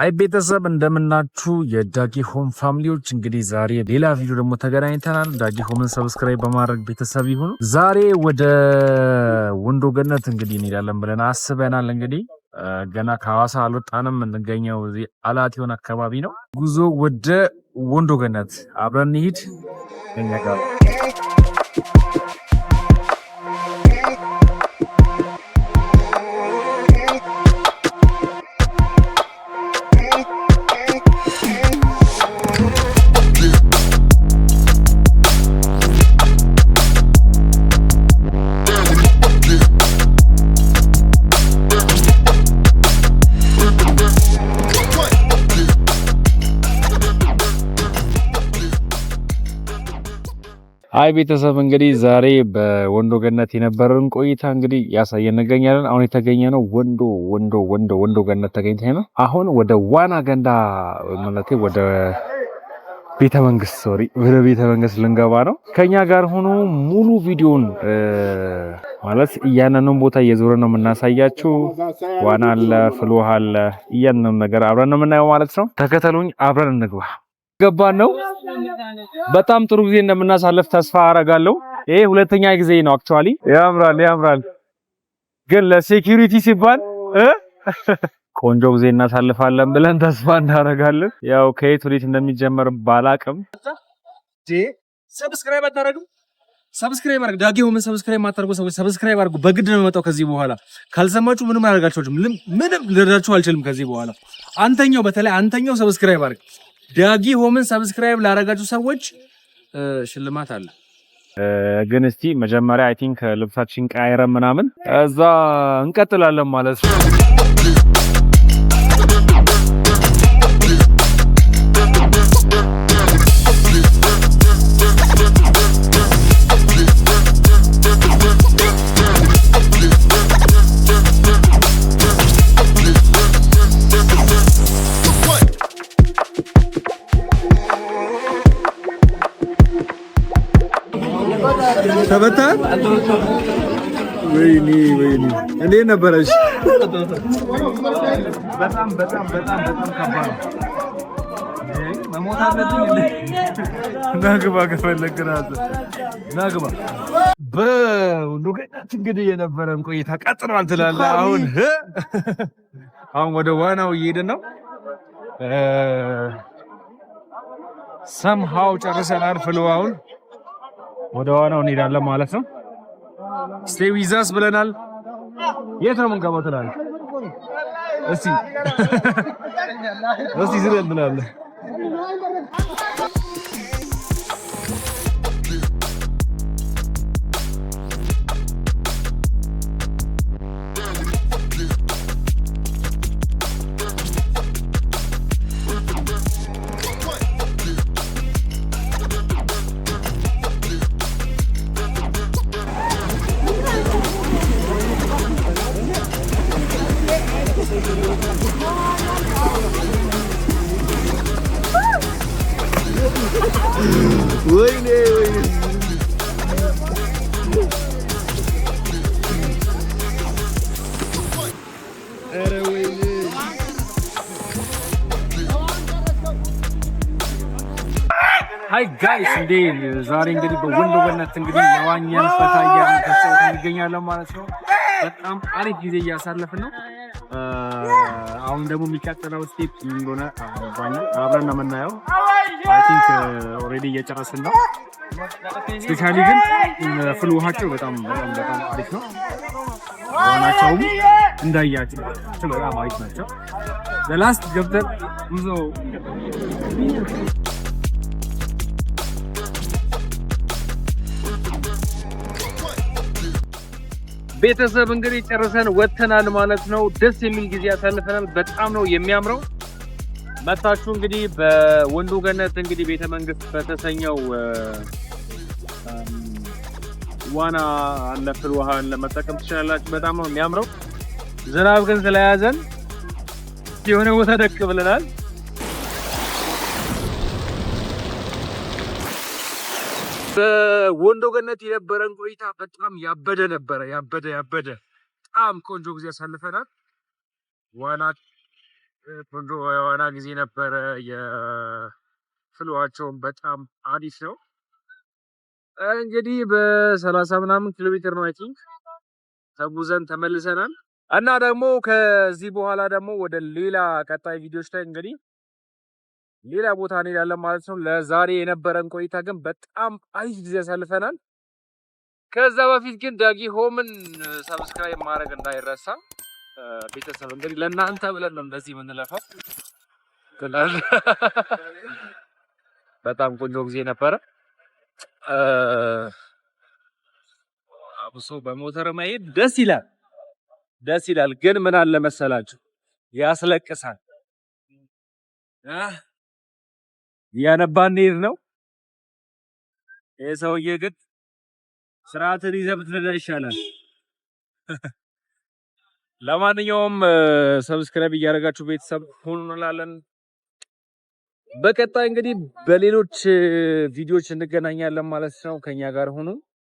አይ ቤተሰብ እንደምናችሁ የዳጊ ሆም ፋሚሊዎች፣ እንግዲህ ዛሬ ሌላ ቪዲዮ ደግሞ ተገናኝተናል። ዳጊ ሆምን ሰብስክራይብ በማድረግ ቤተሰብ ይሁኑ። ዛሬ ወደ ወንዶ ገነት እንግዲህ እንሄዳለን ብለን አስበናል። እንግዲህ ገና ከሐዋሳ አልወጣንም። የምንገኘው አላት የሆነ አካባቢ ነው። ጉዞ ወደ ወንዶ ገነት አብረን እንሂድ እኛ ጋር አይ ቤተሰብ እንግዲህ ዛሬ በወንዶ ገነት የነበረን ቆይታ እንግዲህ ያሳየን እንገኛለን። አሁን የተገኘ ነው ወንዶ ወንዶ ወንዶ ወንዶ ገነት ተገኝተን ነው። አሁን ወደ ዋና ገንዳ ማለት ወደ ቤተ መንግስት ሶሪ ወደ ቤተ መንግስት ልንገባ ነው። ከኛ ጋር ሆኖ ሙሉ ቪዲዮን ማለት እያንዳንዱን ቦታ እየዞረ ነው የምናሳያችሁ። ዋና አለ፣ ፍል ውሃ አለ። እያንዳንዱን ነገር አብረን ነው የምናየው ማለት ነው። ተከተሉኝ፣ አብረን እንግባ። ገባን ነው በጣም ጥሩ ጊዜ እንደምናሳለፍ ተስፋ አረጋለሁ። ይሄ ሁለተኛ ጊዜ ነው። አክቹአሊ ያምራል ያምራል፣ ግን ለሴኩሪቲ ሲባል ቆንጆ ጊዜ እናሳልፋለን ብለን ተስፋ እናደርጋለን። ያው ከየት ወዴት እንደሚጀመር ባላቅም ሰብስክራይብ አታደርጉም? ሰብስክራይብ አድርግ ዳጊ ሆመን ሰብስክራይብ ማታደርጉ ሰዎች ሰብስክራይብ አድርጉ። በግድ ነው የመጣው። ከዚህ በኋላ ካልሰማችሁ ምንም አደርጋችኋለሁ። ምንም ልረዳችሁ አልችልም ከዚህ በኋላ። አንተኛው በተለይ አንተኛው ሰብስክራይብ አድርግ። ዳጊ ሆምን ሰብስክራይብ ላደረጋችሁ ሰዎች ሽልማት አለ። ግን እስቲ መጀመሪያ አይ ቲንክ ልብሳችን ቀያይረን ምናምን እዛ እንቀጥላለን ማለት ነው። ተመታ። ወይኔ ወይኔ፣ እንዴት ነበረሽ? በጣም በጣም በጣም በጣም ከባድ ናግባ ከፈለግ ናግባ በሉገነት እንግዲህ የነበረን ቆይታ ቀጥሏል ትላለህ። አሁን አሁን ወደ ዋናው እየሄድን ነው። ሰምሃው ጨርሰናል ፍልዋውን ወደ ዋናው እንሄዳለን ማለት ነው። ስቴይ ዊዝ አስ ብለናል። የት ነው የምንገባው ትላለህ? እስቲ እስቲ ዝም ብላለህ ወይኔ ወይኔ ኧረ ወይኔ ሀይ ጋይስ እንዴ ዛሬ እንግዲህ በወንዶነት እንግዲህ የዋኛን ፈታ እያልን እንገኛለን ማለት ነው። በጣም አሪፍ ጊዜ እያሳለፍን ነው። አሁን ደግሞ የሚቀጥለው ስቴፕ እንደሆነ አብረን ነው የምናየው። አይ ቲንክ ኦልሬዲ እየጨረስን ነው። ስፔሻሊ ግን ፍል ውሃቸው በጣም በጣም አሪፍ ነው። ዋናቸውም እንዳያቸው በጣም አሪፍ ናቸው። ለላስት ገብተን ብዙ ቤተሰብ እንግዲህ ጨርሰን ወጥተናል ማለት ነው። ደስ የሚል ጊዜ ያሳልፈናል። በጣም ነው የሚያምረው። መታችሁ እንግዲህ በወንዱ ገነት እንግዲህ ቤተ መንግስት በተሰኘው ዋና አለ ፍል ውሃን ለመጠቀም ትችላላችሁ። በጣም ነው የሚያምረው። ዝናብ ግን ስለያዘን የሆነ ቦታ ደቅ ብለናል። በወንዶ ገነት የነበረን ቆይታ በጣም ያበደ ነበረ። ያበደ ያበደ በጣም ቆንጆ ጊዜ አሳልፈናል። ዋና ቆንጆ የዋና ጊዜ ነበረ። የፍሏቸውን በጣም አሪፍ ነው። እንግዲህ በሰላሳ ምናምን ኪሎ ሜትር ነው አይ ቲንክ ተጉዘን ተመልሰናል። እና ደግሞ ከዚህ በኋላ ደግሞ ወደ ሌላ ቀጣይ ቪዲዮዎች ላይ እንግዲህ ሌላ ቦታ እንሄዳለን ማለት ነው። ለዛሬ የነበረን ቆይታ ግን በጣም አሪፍ ጊዜ ያሳልፈናል። ከዛ በፊት ግን ዳጊ ሆምን ሰብስክራይብ ማድረግ እንዳይረሳ። ቤተሰብ እንግዲህ ለእናንተ ብለን ነው እንደዚህ የምንለፋው። በጣም ቆንጆ ጊዜ ነበረ። አብሶ በሞተር መሄድ ደስ ይላል፣ ደስ ይላል። ግን ምን አለ መሰላችሁ ያስለቅሳል። እያነባ እንሂድ ነው። ይህ ሰውዬ ግን ስርዓትን ይዘህ ብትነዳ ይሻላል። ለማንኛውም ሰብስክራይብ እያደረጋችሁ ቤተሰብ ሁኑ እንላለን። በቀጣይ እንግዲህ በሌሎች ቪዲዮዎች እንገናኛለን ማለት ነው። ከኛ ጋር ሁኑ።